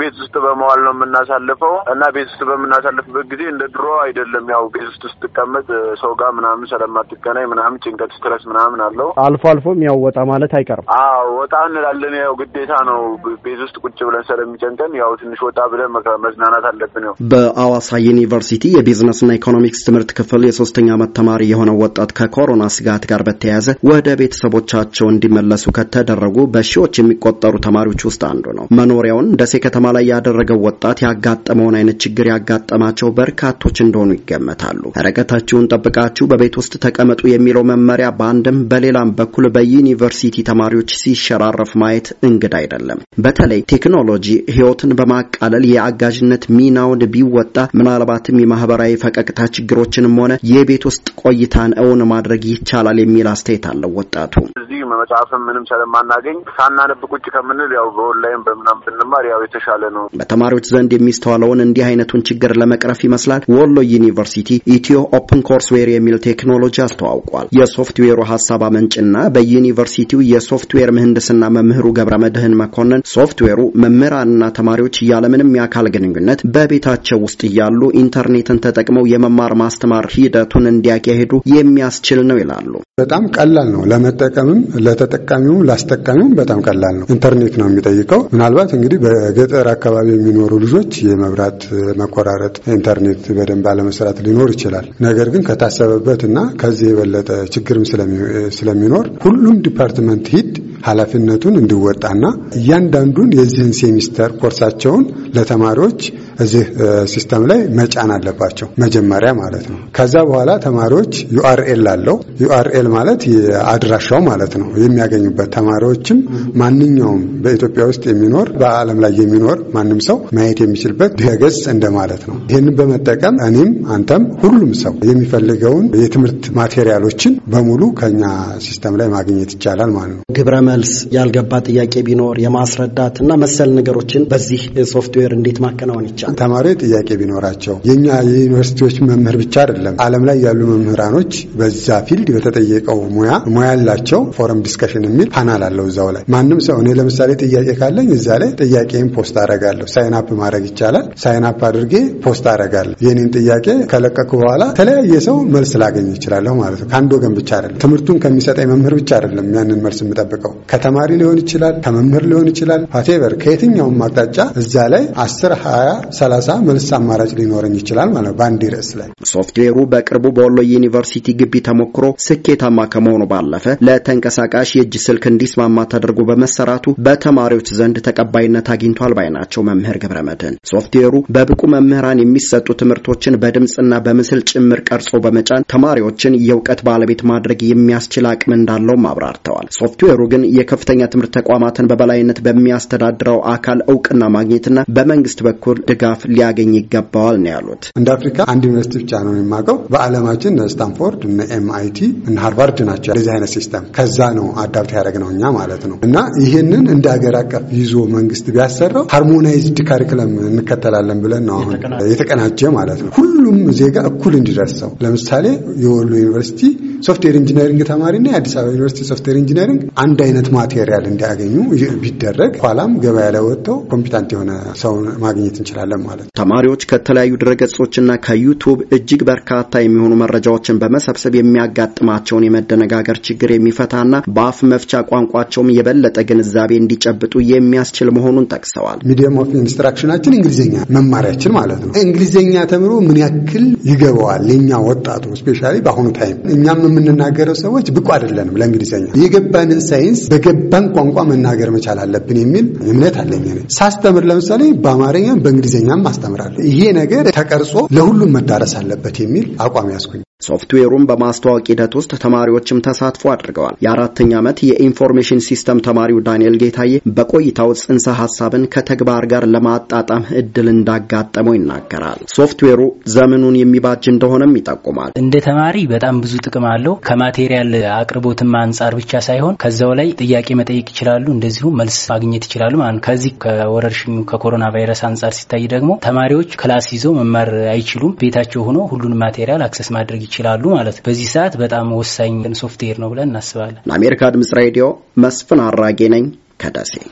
ቤት ውስጥ በመዋል ነው የምናሳልፈው እና ቤት ውስጥ በምናሳልፍበት ጊዜ እንደ ድሮ አይደለም። ያው ቤት ውስጥ ስትቀመጥ ሰው ጋር ምናምን ስለማትገናኝ ምናምን ጭንቀት፣ ስትረስ ምናምን አለው። አልፎ አልፎም ያው ወጣ ማለት አይቀርም። አዎ ወጣ እንላለን። ያው ግዴታ ነው። ቤት ውስጥ ቁጭ ብለን ስለሚጨንቀን ያው ትንሽ ወጣ ብለን መዝናናት አለብን። ያው በአዋሳ ዩኒቨርሲቲ የቢዝነስና ኢኮኖሚክስ ትምህርት ክፍል የሶስተኛ ዓመት ተማሪ የሆነው ወጣት ከኮሮና ስጋት ጋር በተያያዘ ወደ ቤተሰቦቻቸው እንዲመለሱ ከተደረጉ በሺዎች የሚቆጠሩ ተማሪዎች ውስጥ አንዱ ነው። መኖሪያውን ደሴ ከተማ ከተማ ላይ ያደረገው ወጣት ያጋጠመውን አይነት ችግር ያጋጠማቸው በርካቶች እንደሆኑ ይገመታሉ። ርቀታችሁን ጠብቃችሁ በቤት ውስጥ ተቀመጡ የሚለው መመሪያ በአንድም በሌላም በኩል በዩኒቨርሲቲ ተማሪዎች ሲሸራረፍ ማየት እንግድ አይደለም። በተለይ ቴክኖሎጂ ህይወትን በማቃለል የአጋዥነት ሚናውን ቢወጣ ምናልባትም የማህበራዊ ፈቀቅታ ችግሮችንም ሆነ የቤት ውስጥ ቆይታን እውን ማድረግ ይቻላል የሚል አስተያየት አለው ወጣቱ። እዚህ መጽሐፍም ምንም ስለማናገኝ ሳናነብ ቁጭ ከምንል ያው በኦንላይን በምናም ብንማር ያው የተሻለ የተሻለ ነው። በተማሪዎች ዘንድ የሚስተዋለውን እንዲህ አይነቱን ችግር ለመቅረፍ ይመስላል ወሎ ዩኒቨርሲቲ ኢትዮ ኦፕን ኮርስዌር የሚል ቴክኖሎጂ አስተዋውቋል። የሶፍትዌሩ ሀሳብ አመንጭና በዩኒቨርሲቲው የሶፍትዌር ምህንድስና መምህሩ ገብረ መድህን መኮንን ሶፍትዌሩ መምህራንና ተማሪዎች ያለምንም የአካል ግንኙነት በቤታቸው ውስጥ እያሉ ኢንተርኔትን ተጠቅመው የመማር ማስተማር ሂደቱን እንዲያካሄዱ የሚያስችል ነው ይላሉ። በጣም ቀላል ነው ለመጠቀምም ለተጠቃሚውም ላስጠቃሚውም በጣም ቀላል ነው። ኢንተርኔት ነው የሚጠይቀው። ምናልባት እንግዲህ በገጠር ገጠር አካባቢ የሚኖሩ ልጆች የመብራት መቆራረጥ፣ ኢንተርኔት በደንብ አለመስራት ሊኖር ይችላል። ነገር ግን ከታሰበበት እና ከዚህ የበለጠ ችግርም ስለሚኖር ሁሉም ዲፓርትመንት ሂድ ኃላፊነቱን እንዲወጣና እያንዳንዱን የዚህን ሴሚስተር ኮርሳቸውን ለተማሪዎች እዚህ ሲስተም ላይ መጫን አለባቸው መጀመሪያ ማለት ነው። ከዛ በኋላ ተማሪዎች ዩአርኤል አለው። ዩአርኤል ማለት አድራሻው ማለት ነው የሚያገኙበት ተማሪዎችም ማንኛውም በኢትዮጵያ ውስጥ የሚኖር በዓለም ላይ የሚኖር ማንም ሰው ማየት የሚችልበት ድረገጽ እንደማለት ነው። ይህንን በመጠቀም እኔም አንተም ሁሉም ሰው የሚፈልገውን የትምህርት ማቴሪያሎችን በሙሉ ከኛ ሲስተም ላይ ማግኘት ይቻላል ማለት ነው። መልስ ያልገባ ጥያቄ ቢኖር የማስረዳት እና መሰል ነገሮችን በዚህ ሶፍትዌር እንዴት ማከናወን ይቻላል? ተማሪ ጥያቄ ቢኖራቸው የኛ የዩኒቨርሲቲዎች መምህር ብቻ አይደለም፣ ዓለም ላይ ያሉ መምህራኖች በዛ ፊልድ በተጠየቀው ሙያ ሙያ ያላቸው ፎረም ዲስከሽን የሚል ፓናል አለው እዛው ላይ ማንም ሰው እኔ ለምሳሌ ጥያቄ ካለኝ እዛ ላይ ጥያቄን ፖስት አረጋለሁ። ሳይንፕ ማድረግ ይቻላል። ሳይንፕ አድርጌ ፖስት አረጋለሁ። የኔን ጥያቄ ከለቀኩ በኋላ የተለያየ ሰው መልስ ላገኝ ይችላለሁ ማለት ነው። ከአንድ ወገን ብቻ አይደለም፣ ትምህርቱን ከሚሰጠኝ መምህር ብቻ አይደለም ያንን መልስ የምጠብቀው ከተማሪ ሊሆን ይችላል፣ ከመምህር ሊሆን ይችላል። ፋቴቨር ከየትኛውም አቅጣጫ እዛ ላይ አስር ሀያ ሰላሳ መልስ አማራጭ ሊኖረኝ ይችላል ማለት ነው በአንድ ርዕስ ላይ። ሶፍትዌሩ በቅርቡ በወሎ ዩኒቨርሲቲ ግቢ ተሞክሮ ስኬታማ ከመሆኑ ባለፈ ለተንቀሳቃሽ የእጅ ስልክ እንዲስማማ ተደርጎ በመሰራቱ በተማሪዎች ዘንድ ተቀባይነት አግኝቷል ባይ ናቸው መምህር ገብረ መድህን። ሶፍትዌሩ በብቁ መምህራን የሚሰጡ ትምህርቶችን በድምፅና በምስል ጭምር ቀርጾ በመጫን ተማሪዎችን የእውቀት ባለቤት ማድረግ የሚያስችል አቅም እንዳለውም አብራርተዋል። ሶፍትዌሩ ግን የከፍተኛ ትምህርት ተቋማትን በበላይነት በሚያስተዳድረው አካል እውቅና ማግኘትና በመንግስት በኩል ድጋፍ ሊያገኝ ይገባዋል ነው ያሉት። እንደ አፍሪካ አንድ ዩኒቨርሲቲ ብቻ ነው የማውቀው። በዓለማችን ስታንፎርድ ኤምአይቲ ሃርቫርድ ናቸው እንደዚህ አይነት ሲስተም ከዛ ነው አዳብት ነው እኛ ማለት ነው። እና ይህንን እንደ ሀገር አቀፍ ይዞ መንግስት ቢያሰራው ሃርሞናይዝድ ካሪክለም እንከተላለን ብለን ነው አሁን የተቀናጀ ማለት ነው ሁሉም ዜጋ እኩል እንዲደርሰው። ለምሳሌ የወሎ ዩኒቨርሲቲ ሶፍትዌር ኢንጂነሪንግ ተማሪና የአዲስ አበባ ዩኒቨርሲቲ ሶፍትዌር ኢንጂነሪንግ አንድ አይነት አይነት ማቴሪያል እንዲያገኙ ቢደረግ ኋላም ገበያ ላይ ወጥተው ኮምፒታንት የሆነ ሰውን ማግኘት እንችላለን ማለት ነው። ተማሪዎች ከተለያዩ ድረገጾችና ከዩቱብ እጅግ በርካታ የሚሆኑ መረጃዎችን በመሰብሰብ የሚያጋጥማቸውን የመደነጋገር ችግር የሚፈታና በአፍ መፍቻ ቋንቋቸውም የበለጠ ግንዛቤ እንዲጨብጡ የሚያስችል መሆኑን ጠቅሰዋል። ሚዲየም ኦፍ ኢንስትራክሽናችን እንግሊዝኛ መማሪያችን ማለት ነው። እንግሊዝኛ ተምሮ ምን ያክል ይገባዋል? የኛ ወጣቱ ስፔሻሊ በአሁኑ ታይም እኛም የምንናገረው ሰዎች ብቁ አይደለንም ለእንግሊዝኛ የገባንን ሳይንስ በገባን ቋንቋ መናገር መቻል አለብን የሚል እምነት አለኝ። ሳስተምር ለምሳሌ በአማርኛም በእንግሊዝኛም አስተምራለሁ። ይሄ ነገር ተቀርጾ ለሁሉም መዳረስ አለበት የሚል አቋም ያስኩኝ። ሶፍትዌሩን በማስተዋወቅ ሂደት ውስጥ ተማሪዎችም ተሳትፎ አድርገዋል። የአራተኛ ዓመት የኢንፎርሜሽን ሲስተም ተማሪው ዳንኤል ጌታዬ በቆይታው ጽንሰ ሀሳብን ከተግባር ጋር ለማጣጣም እድል እንዳጋጠመው ይናገራል። ሶፍትዌሩ ዘመኑን የሚባጅ እንደሆነም ይጠቁማል። እንደ ተማሪ በጣም ብዙ ጥቅም አለው። ከማቴሪያል አቅርቦትም አንጻር ብቻ ሳይሆን ከዛው ላይ ጥያቄ መጠየቅ ይችላሉ፣ እንደዚሁም መልስ ማግኘት ይችላሉ ማለት ከዚህ ከወረርሽኙ ከኮሮና ቫይረስ አንጻር ሲታይ ደግሞ ተማሪዎች ክላስ ይዘው መማር አይችሉም። ቤታቸው ሆኖ ሁሉን ማቴሪያል አክሰስ ማድረግ ይችላሉ ማለት ነው። በዚህ ሰዓት በጣም ወሳኝ ሶፍትዌር ነው ብለን እናስባለን። ለአሜሪካ ድምጽ ሬዲዮ መስፍን አራጌ ነኝ ከደሴ